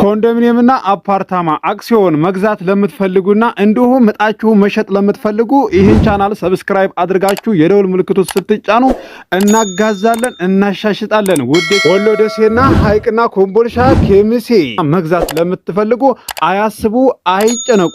ኮንዶሚኒየምና አፓርታማ አክሲዮን መግዛት ለምትፈልጉና እንዲሁም እጣችሁ መሸጥ ለምትፈልጉ ይህን ቻናል ሰብስክራይብ አድርጋችሁ የደውል ምልክቱ ስትጫኑ እናጋዛለን፣ እናሻሽጣለን። ውዴ ወሎ ደሴና ሀይቅና ኮምቦልሻ ኬሚሴ መግዛት ለምትፈልጉ አያስቡ፣ አይጨነቁ።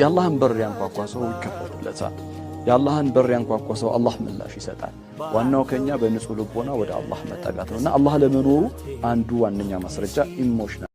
የአላህን በር ያንኳኳ ሰው ይከፈትለታል። የአላህን በር ያንኳኳ ሰው አላህ ምላሽ ይሰጣል። ዋናው ከኛ በንጹህ ልቦና ወደ አላህ መጠጋት ነውና አላህ ለመኖሩ አንዱ ዋነኛ ማስረጃ ኢሞሽናል